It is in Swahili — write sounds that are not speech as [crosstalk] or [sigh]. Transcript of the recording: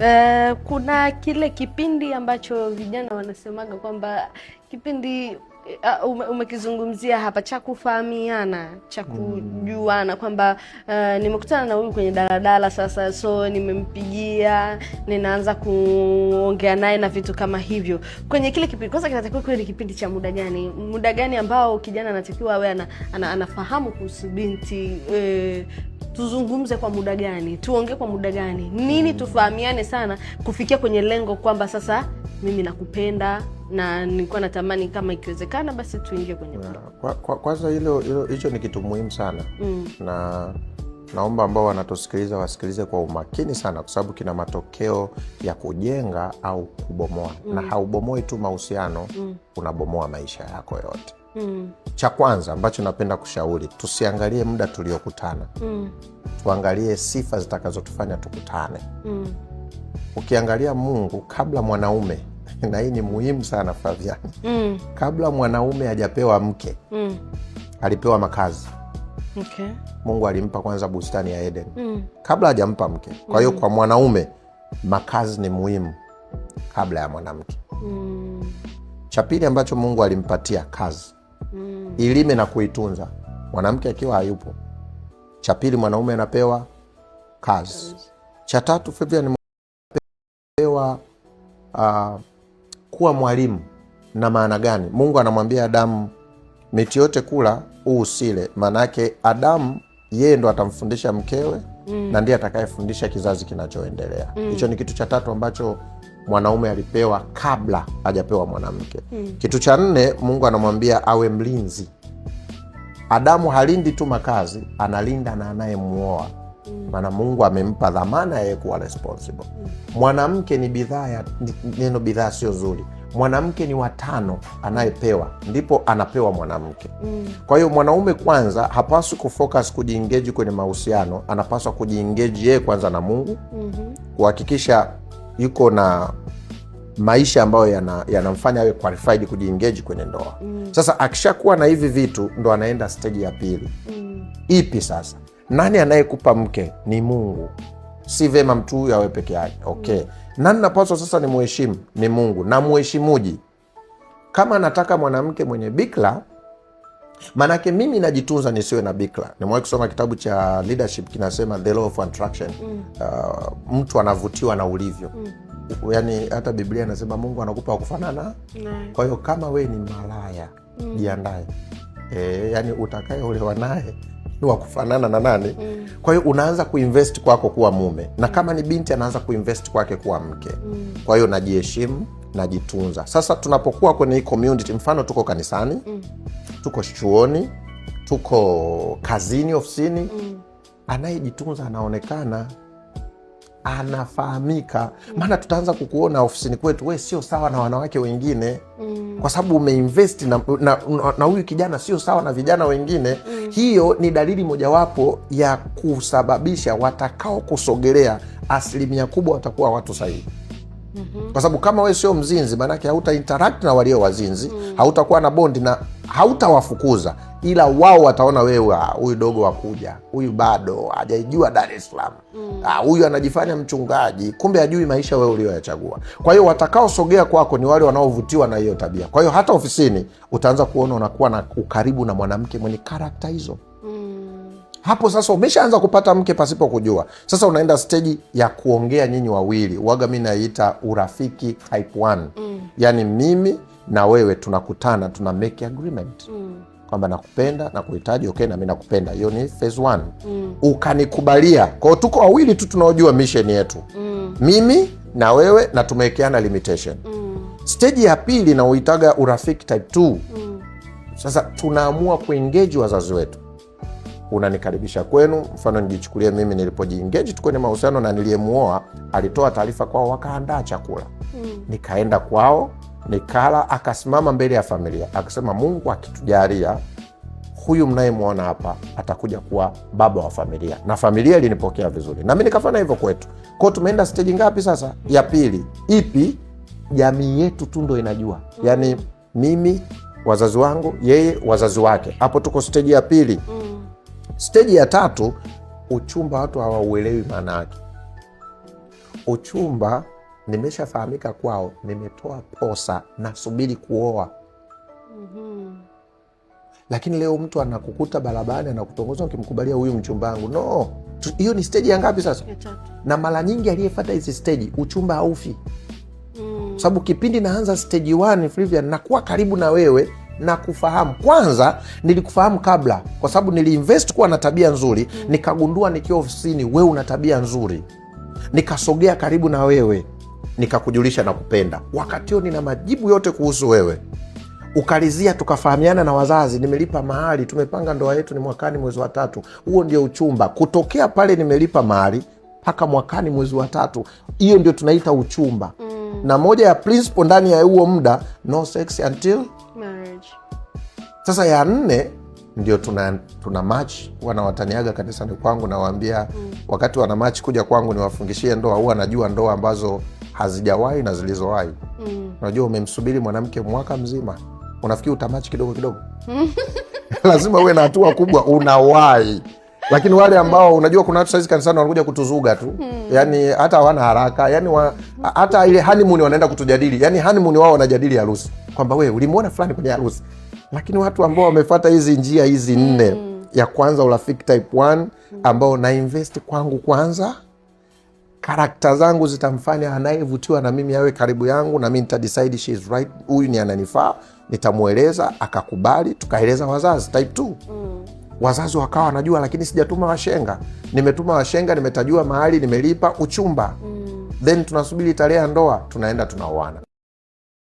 Eh, kuna kile kipindi ambacho vijana wanasemaga kwamba kipindi uh, umekizungumzia hapa cha kufahamiana cha mm. kujuana kwamba uh, nimekutana na huyu kwenye daladala sasa, so nimempigia, ninaanza kuongea naye na vitu kama hivyo. Kwenye kile kipindi kwanza, kinatakiwa ni kipindi cha muda gani, muda gani ambao kijana anatakiwa awe ana, ana, anafahamu kuhusu binti eh, tuzungumze kwa muda gani, tuongee kwa muda gani, nini, tufahamiane sana kufikia kwenye lengo kwamba sasa mimi nakupenda na nilikuwa natamani kama ikiwezekana basi tuingie kwenye kwa, kwa, hilo hicho ni kitu muhimu sana mm. na naomba ambao wanatusikiliza wasikilize kwa umakini sana, kwa sababu kina matokeo ya kujenga au kubomoa mm. na haubomoi tu mahusiano mm. unabomoa maisha yako yote mm. Cha kwanza ambacho napenda kushauri, tusiangalie muda tuliokutana mm. Tuangalie sifa zitakazotufanya tukutane mm. Ukiangalia Mungu kabla mwanaume [laughs] na hii ni muhimu sana Fabian mm. Kabla mwanaume hajapewa mke mm. alipewa makazi okay. Mungu alimpa kwanza bustani ya Eden mm. kabla hajampa mke. Kwa hiyo mm. kwa mwanaume makazi ni muhimu kabla ya mwanamke mm. Cha pili ambacho Mungu alimpatia kazi mm. ilime na kuitunza, mwanamke akiwa hayupo. Cha pili, mwanaume anapewa kazi. Cha tatu, Fabian anapewa uh, kuwa mwalimu. Na maana gani? Mungu anamwambia Adamu, miti yote kula, huu usile. Maana yake Adamu yeye ndo atamfundisha mkewe mm. na ndiye atakayefundisha kizazi kinachoendelea mm. hicho. mm. ni kitu cha tatu ambacho mwanaume alipewa kabla hajapewa mwanamke hmm. Kitu cha nne, Mungu anamwambia awe mlinzi. Adamu halindi tu makazi, analinda na anayemwoa hmm. maana Mungu amempa dhamana yeye kuwa responsible. Hmm. Mwanamke ni bidhaa ya neno, bidhaa sio zuri. Mwanamke ni watano anayepewa, ndipo anapewa mwanamke. Hmm. Kwa hiyo mwanaume kwanza hapaswi kufocus kujiingeji kwenye mahusiano, anapaswa kujiingeji yeye kwanza na Mungu kuhakikisha yuko na maisha ambayo yanamfanya yana awe qualified kujiengage kwenye ndoa mm. Sasa akishakuwa na hivi vitu ndo anaenda steji ya pili mm. Ipi sasa? Nani anayekupa mke? Ni Mungu. Si vema mtu huyu awe peke yake okay. Mm. Nani napaswa sasa ni muheshimu? Ni Mungu. Na muheshimuji, kama nataka mwanamke mwenye bikla Maanake mimi najitunza nisiwe na bikla Nimewahi kusoma kitabu cha leadership kinasema the law of attraction. Mm. Uh, mtu anavutiwa na ulivyo. Mm. Yaani hata Biblia inasema Mungu anakupa wakufanana. Mm. Kwa hiyo kama wee ni malaya mm. jiandae. Mm. E, yaani utakayeolewa naye ni wakufanana na nani? Mm. Kwa hiyo unaanza kuinvest kwako kuwa mume, na mm. kama ni binti anaanza kuinvest kwake kuwa mke. Mm. Kwa hiyo najiheshimu najitunza. Sasa tunapokuwa kwenye hii community, mfano tuko kanisani mm. tuko chuoni, tuko kazini, ofisini mm. anayejitunza anaonekana anafahamika mm. maana mm. tutaanza kukuona ofisini kwetu, we sio sawa na wanawake wengine mm. kwa sababu umeinvesti na huyu na, na, kijana sio sawa na vijana wengine mm. Hiyo ni dalili mojawapo ya kusababisha watakaokusogelea asilimia kubwa watakuwa watu sahihi. -hmm. Kwa sababu kama wewe sio mzinzi, maanake hauta interact na walio wazinzi mm -hmm. hautakuwa na bondi na hautawafukuza, ila wao wataona wewe, ah, huyu dogo wakuja, huyu bado hajaijua Dar es Salaam mm ah, huyu anajifanya mchungaji, kumbe ajui maisha wewe ulioyachagua. Kwa hiyo watakaosogea kwako ni wale wanaovutiwa na hiyo tabia. Kwa hiyo hata ofisini utaanza kuona unakuwa na ukaribu na mwanamke mwenye karakta hizo hapo sasa umeshaanza kupata mke pasipo kujua. Sasa unaenda steji ya kuongea nyinyi wawili, waga mi naiita urafiki type mm. Yani mimi na wewe tunakutana, tuna make agreement mm. kwamba nakupenda na kuhitaji, okay, na mi nakupenda. Hiyo ni phase mm. Ukanikubalia kwao, tuko wawili tu tunaojua misheni yetu mm. mimi na wewe na tumewekeana limitation mm. Steji ya pili nauitaga urafiki type mm. Sasa tunaamua kuengeji wazazi wetu unanikaribisha kwenu. Mfano nijichukulie mimi nilipojiengage tu kwenye mahusiano na niliyemuoa alitoa taarifa kwao, wakaandaa chakula mm. nikaenda kwao nikala, akasimama mbele ya familia akasema, Mungu akitujalia huyu mnayemwona hapa atakuja kuwa baba wa familia, na familia ilinipokea vizuri, nami nikafanya hivyo kwetu kwao. Tumeenda steji ngapi sasa? Ya pili. Ipi? Jamii yetu tu ndo inajua, mm. yani mimi wazazi wangu, yeye wazazi wake, hapo tuko steji ya pili. Mm. Steji ya tatu, uchumba watu hawauelewi maana yake. Uchumba nimeshafahamika kwao, nimetoa posa, nasubiri kuoa. mm -hmm. Lakini leo mtu anakukuta barabarani anakutongoza, ukimkubalia huyu mchumba wangu, no. Hiyo ni steji ya ngapi sasa? Na mara nyingi aliyefata hizi steji uchumba haufi. mm. Sababu kipindi naanza steji 1 Flavia, nakuwa karibu na wewe na kufahamu. Kwanza nilikufahamu kabla, kwa sababu niliinvest kuwa na tabia nzuri mm. Nikagundua nikiwa ofisini, wewe una tabia nzuri, nikasogea karibu na wewe, nikakujulisha na kupenda. Wakati huo nina majibu yote kuhusu wewe, ukalizia, tukafahamiana na wazazi, nimelipa mahali, tumepanga ndoa yetu ni mwakani mwezi wa tatu. Huo ndio uchumba. Kutokea pale nimelipa mahali mpaka mwakani mwezi wa tatu, hiyo ndio tunaita uchumba mm. Na moja ya principle ndani ya huo muda, no sex until sasa ya nne ndio tuna, tuna machi huwa nawataniaga kanisani kwangu, nawaambia mm. wakati wana machi kuja kwangu niwafungishie ndoa, huwa najua ndoa ambazo hazijawahi na zilizowahi. Mm. Unajua mm. umemsubiri mwanamke mwaka mzima, unafikiri utamachi kidogo kidogo? [laughs] lazima uwe na hatua kubwa, unawahi lakini wale ambao unajua kuna watu saizi kanisani wanakuja kutuzuga tu hmm. Yani hata hawana haraka yani wa, hata ile hanimuni wanaenda kutujadili yani hanimuni wao wanajadili harusi kwamba we ulimwona fulani kwenye harusi lakini watu ambao wamefata hizi njia hizi nne mm. ya kwanza urafiki type 1 ambao na invest kwangu kwanza karakta zangu zitamfanya anayevutiwa na mimi awe karibu yangu, na mi nitadecide she is right, huyu ni ananifaa, nitamweleza akakubali, tukaeleza wazazi. Type 2 mm. wazazi wakawa wanajua, lakini sijatuma washenga, nimetuma washenga, nimetajua mahali, nimelipa uchumba mm. then tunasubiri tarehe ya ndoa, tunaenda tunaoana.